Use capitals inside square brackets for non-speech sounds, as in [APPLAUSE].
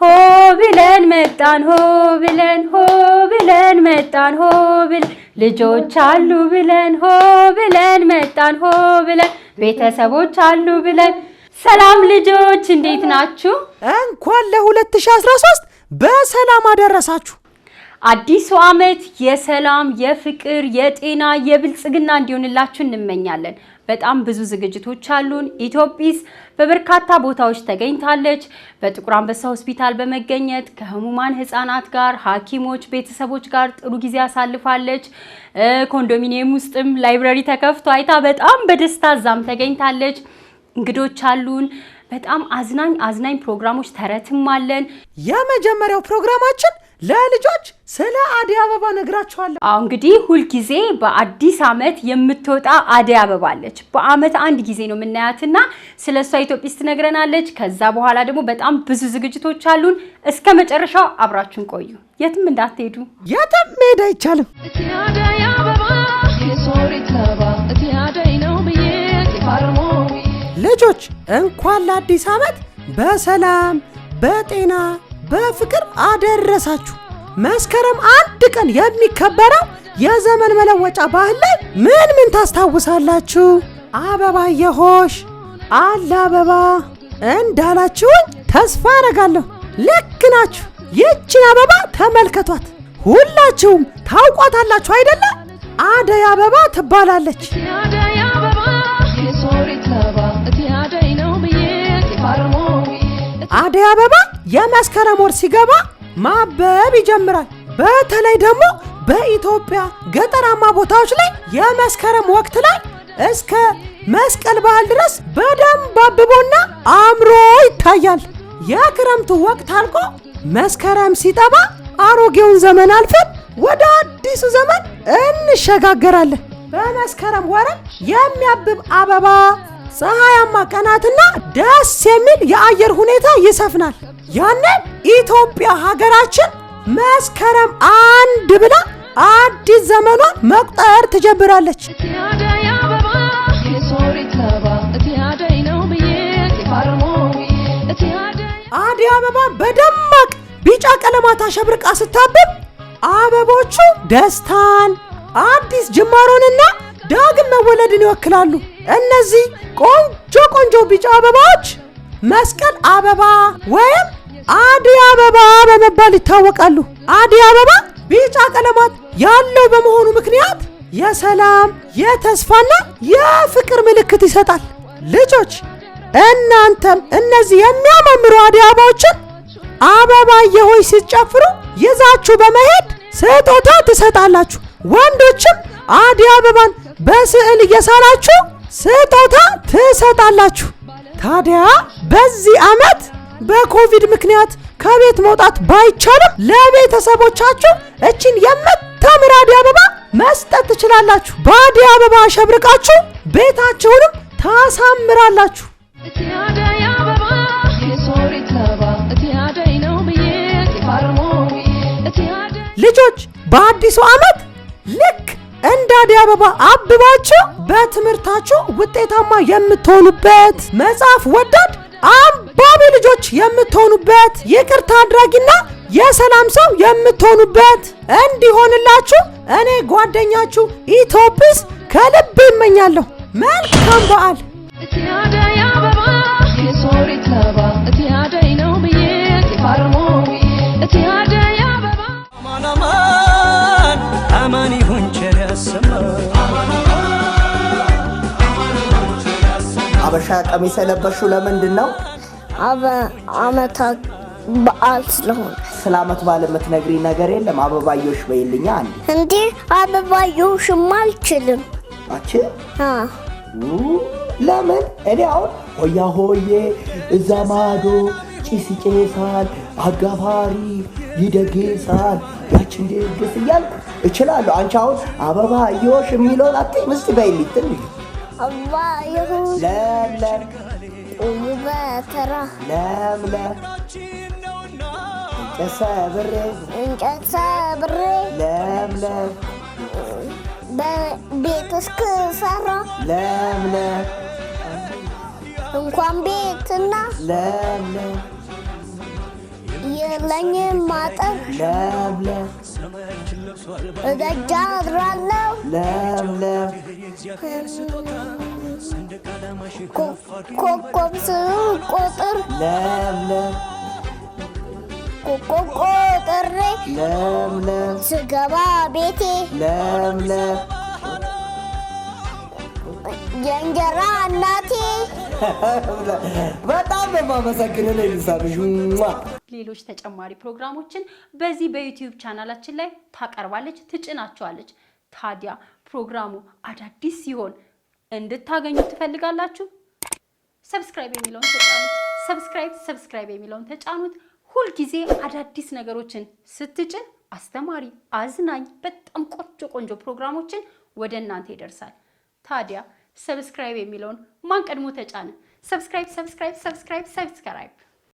ሆ ብለን መጣን ሆ ብለን ሆ ብለን መጣን ሆ ብለን ልጆች አሉ ብለን ሆ ብለን መጣን ሆ ብለን ቤተሰቦች አሉ ብለን። ሰላም ልጆች እንዴት ናችሁ? እንኳን ለ2013 በሰላም አደረሳችሁ። አዲሱ ዓመት የሰላም፣ የፍቅር፣ የጤና፣ የብልጽግና እንዲሆንላችሁ እንመኛለን። በጣም ብዙ ዝግጅቶች አሉን። ኢትዮጵስ በበርካታ ቦታዎች ተገኝታለች። በጥቁር አንበሳ ሆስፒታል በመገኘት ከህሙማን ህጻናት ጋር፣ ሐኪሞች ቤተሰቦች ጋር ጥሩ ጊዜ አሳልፋለች። ኮንዶሚኒየም ውስጥም ላይብረሪ ተከፍቶ አይታ በጣም በደስታ እዛም ተገኝታለች። እንግዶች አሉን። በጣም አዝናኝ አዝናኝ ፕሮግራሞች ተረትም አለን። የመጀመሪያው ፕሮግራማችን ለልጆች ስለ አደይ አበባ ነግራችኋለሁ። አሁ እንግዲህ ሁልጊዜ በአዲስ አመት የምትወጣ አደይ አበባ አለች። በአመት አንድ ጊዜ ነው የምናያትና ስለ እሷ ኢትዮጵስ ትነግረናለች። ከዛ በኋላ ደግሞ በጣም ብዙ ዝግጅቶች አሉን። እስከ መጨረሻው አብራችሁን ቆዩ፣ የትም እንዳትሄዱ። የትም መሄድ አይቻልም። ልጆች እንኳን ለአዲስ አመት በሰላም በጤና በፍቅር አደረሳችሁ። መስከረም አንድ ቀን የሚከበረው የዘመን መለወጫ ባህል ላይ ምን ምን ታስታውሳላችሁ? አበባ የሆሽ አለ አበባ እንዳላችሁኝ ተስፋ አረጋለሁ። ልክ ናችሁ። ይችን አበባ ተመልከቷት። ሁላችሁም ታውቋታላችሁ አይደለ? አደይ አበባ ትባላለች። አደይ አበባ የመስከረም ወር ሲገባ ማበብ ይጀምራል። በተለይ ደግሞ በኢትዮጵያ ገጠራማ ቦታዎች ላይ የመስከረም ወቅት ላይ እስከ መስቀል በዓል ድረስ በደንብ አብቦና አምሮ ይታያል። የክረምቱ ወቅት አልቆ መስከረም ሲጠባ አሮጌውን ዘመን አልፈን ወደ አዲሱ ዘመን እንሸጋገራለን። በመስከረም ወረ የሚያብብ አበባ፣ ፀሐያማ ቀናትና ደስ የሚል የአየር ሁኔታ ይሰፍናል። ያንን ኢትዮጵያ ሀገራችን መስከረም አንድ ብላ አዲስ ዘመኗን መቁጠር ትጀምራለች። አደይ አበባ በደማቅ ቢጫ ቀለማት አሸብርቃ ስታብብ አበቦቹ ደስታን፣ አዲስ ጅማሮንና ዳግም መወለድን ይወክላሉ። እነዚህ ቆንጆ ቆንጆ ቢጫ አበባዎች መስቀል አበባ ወይም አዲ አበባ በመባል ይታወቃሉ። አዲ አበባ ቢጫ ቀለማት ያለው በመሆኑ ምክንያት የሰላም የተስፋና የፍቅር ምልክት ይሰጣል። ልጆች እናንተም እነዚህ የሚያማምሩ አዲ አበባዎችን አበባ የሆይ ሲጨፍሩ ይዛችሁ በመሄድ ስጦታ ትሰጣላችሁ። ወንዶችም አዲ አበባን በስዕል እየሳላችሁ ስጦታ ትሰጣላችሁ። ታዲያ በዚህ ዓመት በኮቪድ ምክንያት ከቤት መውጣት ባይቻልም ለቤተሰቦቻችሁ እችን የምታምር አደይ አበባ መስጠት ትችላላችሁ። በአደይ አበባ አሸብርቃችሁ ቤታችሁንም ታሳምራላችሁ። ልጆች በአዲሱ ዓመት ልክ እንደ አደይ አበባ አብባችሁ በትምህርታችሁ ውጤታማ የምትሆኑበት መጽሐፍ ወዳድ አንባቢ ልጆች የምትሆኑበት፣ ይቅርታ አድራጊና የሰላም ሰው የምትሆኑበት እንዲሆንላችሁ እኔ ጓደኛችሁ ኢትዮጲስ ከልብ ይመኛለሁ። መልካም በዓል። አማን ሀበሻ ቀሚስ የለበሹ ለምንድን ነው? አመታት በዓል ስለሆነ። ስለ አመት በዓል የምትነግሪ ነገር የለም? አበባዮሽ በይልኛ አንዴ። እንዴ አበባዮሽማ አልችልም። አች ለምን? እኔ አሁን ሆያ ሆዬ እዛ ማዶ ጭስ ጭሳል አጋፋሪ ይደግሳል፣ ያች ደግስ እያልኩ እችላለሁ። አንቺ አሁን አበባዮሽ የሚለውን አትይም። እስቲ በይልኝ ትንሽ الله يهود لملم ويبترى ለምለም እንጨት ሰብሬ እንጨት ሰብሬ ለምለም ቤት እስክሰራ ለምለም እንኳን ቤትና ለምለም የለኝም ማጠብ እደጃ እድራለሁ ኮኮብ ስሩ ቆጥር ኮኮብ ቆጥሬ ስገባ ቤቴ የእንጀራ እናቴ [LAUGHS] በጣም ሌሎች ተጨማሪ ፕሮግራሞችን በዚህ በዩቲዩብ ቻናላችን ላይ ታቀርባለች፣ ትጭናቸዋለች። ታዲያ ፕሮግራሙ አዳዲስ ሲሆን እንድታገኙ ትፈልጋላችሁ? ሰብስክራይብ የሚለውን ተጫኑት። ሰብስክራይብ ሰብስክራይብ የሚለውን ተጫኑት። ሁልጊዜ አዳዲስ ነገሮችን ስትጭን አስተማሪ፣ አዝናኝ፣ በጣም ቆንጆ ቆንጆ ፕሮግራሞችን ወደ እናንተ ይደርሳል። ታዲያ ሰብስክራይብ የሚለውን ማን ቀድሞ ተጫነ? ሰብስክራይብ ሰብስክራይብ ሰብስክራይብ ሰብስክራይብ